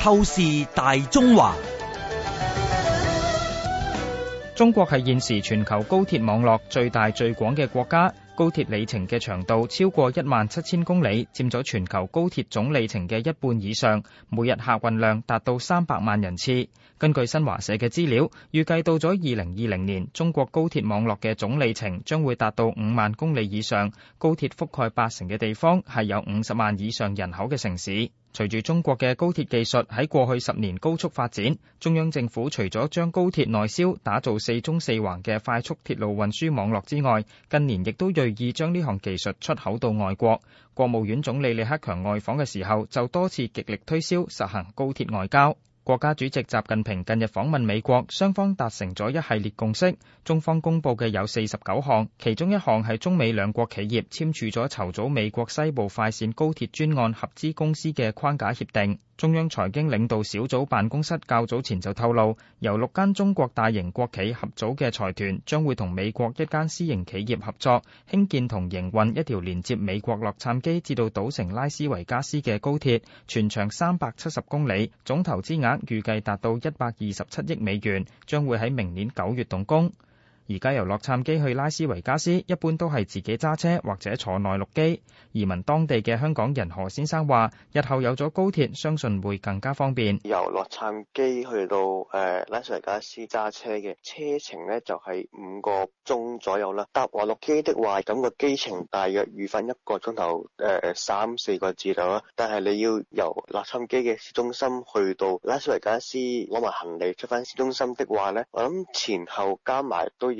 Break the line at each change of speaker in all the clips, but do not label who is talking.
透視大中華，中國係現時全球高鐵網絡最大最廣嘅國家，高鐵里程嘅長度超過一萬七千公里，佔咗全球高鐵總里程嘅一半以上，每日客運量達到三百萬人次。根據新華社嘅資料，預計到咗二零二零年，中國高鐵網絡嘅總里程將會達到五萬公里以上，高鐵覆蓋八成嘅地方係有五十萬以上人口嘅城市。隨住中國嘅高鐵技術喺過去十年高速發展，中央政府除咗將高鐵內銷，打造四縱四橫嘅快速鐵路運輸網絡之外，近年亦都銳意將呢項技術出口到外國。國務院總理李克強外訪嘅時候，就多次極力推銷實行高鐵外交。國家主席習近平近日訪問美國，雙方達成咗一系列共識。中方公布嘅有四十九項，其中一項係中美兩國企業簽署咗籌組美國西部快線高鐵專案合資公司嘅框架協定。中央財經領導小組辦公室較早前就透露，由六間中國大型國企合組嘅財團，將會同美國一間私營企業合作興建同營運一條連接美國洛杉磯至到賭城拉斯維加斯嘅高鐵，全長三百七十公里，總投資額預計達到一百二十七億美元，將會喺明年九月動工。而家由洛杉磯去拉斯維加斯，一般都係自己揸車或者坐內陸機。移民當地嘅香港人何先生話，日後有咗高鐵相信會更加方便。由洛杉磯去到誒、呃、拉斯維加斯揸車嘅車程咧，就係、是、五個鐘左右啦。搭內陸機的話，咁個機程大約預翻一個鐘頭誒，三四個字度啦。但係你要由洛杉磯嘅市中心去到拉斯維加斯攞埋行李出翻市中心的話咧，我諗前後加埋都要。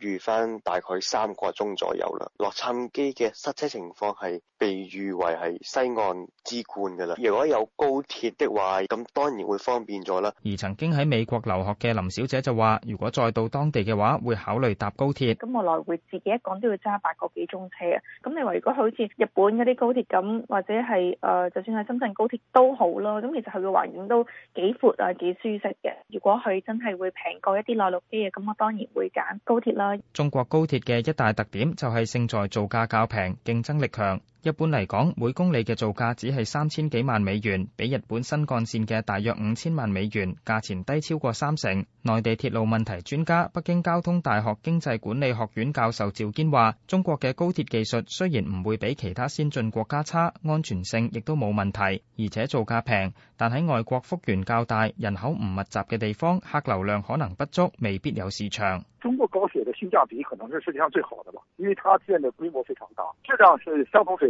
預翻大概三個鐘左右啦。洛杉磯嘅塞車情況係被譽為係西岸之冠㗎啦。如果有高鐵的話，咁當然會方便咗啦。而曾經喺美國留學嘅林小姐就話，如果再到當地嘅話，會考慮搭高鐵。咁
我來回自己一講都要揸八個幾鐘車啊。咁你話如果好似日本嗰啲高鐵咁，或者係誒、呃，就算係深圳高鐵都好咯。咁其實佢嘅環境都幾闊啊，幾舒適嘅。如果佢真係會平過一啲內陸機嘅，咁我當然會揀高鐵
啦。中國高鐵嘅一大特點就係勝在造價較平，競爭力強。一般嚟講，每公里嘅造價只係三千幾萬美元，比日本新幹線嘅大約五千萬美元價錢低超過三成。內地鐵路問題專家、北京交通大學經濟管理學院教授趙堅話，中國嘅高鐵技術雖然唔會比其他先進國家差，安全性亦都冇問題，而且造價平。但喺外國幅員較大、人口唔密集嘅地方，客流量可能不足，未必有市場。
中國高鐵嘅性價比可能是世界上最好嘅啦，因為它建嘅規模非常大，質量是相同水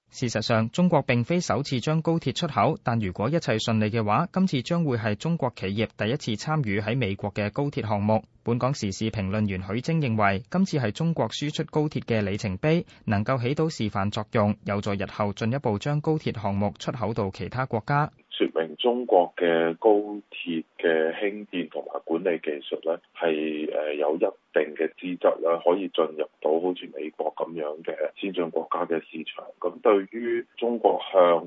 事實上，中國並非首次將高鐵出口，但如果一切順利嘅話，今次將會係中國企業第一次參與喺美國嘅高鐵項目。本港時事評論員許晶認為，今次係中國輸出高鐵嘅里程碑，能夠起到示範作用，有助日後進一步將高鐵項目出口到其他國家。
說明中國嘅高鐵嘅興建同埋管理技術咧，係誒有一定嘅資質啦，可以進入到好似美國咁樣嘅先進國家嘅市場。咁對於中國向誒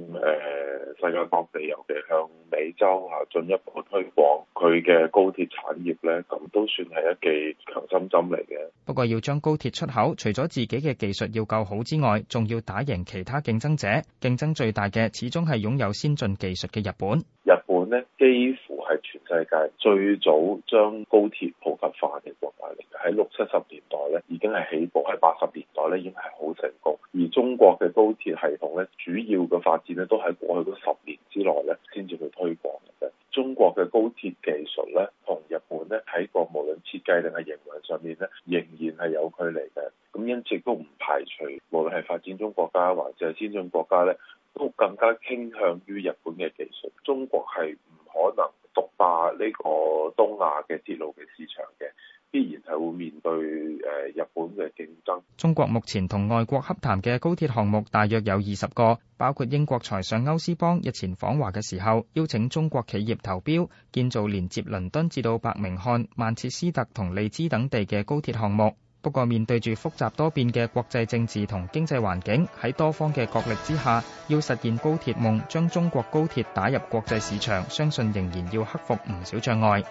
世界各地，尤其向美洲啊，進一步推廣佢嘅高鐵產業咧，咁都算係一記強心針嚟嘅。
不過要將高鐵出口，除咗自己嘅技術要夠好之外，仲要打贏其他競爭者。競爭最大嘅，始終係擁有先進技術嘅日本。
日本呢，幾乎係全世界最早將高鐵普及化嘅國家嚟嘅。喺六七十年代咧，已經係起步；喺八十年代咧，已經係好成功。而中國嘅高鐵系統咧，主要嘅發展呢都喺過去嗰十年之內咧，先至去推。國嘅高鐵技術咧，同日本咧喺個無論設計定係營運上面咧，仍然係有距離嘅。咁因此都唔排除，無論係發展中國家或者係先進國家咧，都更加傾向於日本嘅技術。中國係唔可能獨霸呢個東亞嘅鐵路嘅市場嘅。必然係會面對誒日本嘅競爭。
中國目前同外國洽談嘅高鐵項目大約有二十個，包括英國財相歐斯邦日前訪華嘅時候，邀請中國企業投標，建造連接倫敦至到伯明翰、曼徹斯特同利茲等地嘅高鐵項目。不過面對住複雜多變嘅國際政治同經濟環境，喺多方嘅角力之下，要實現高鐵夢，將中國高鐵打入國際市場，相信仍然要克服唔少障礙。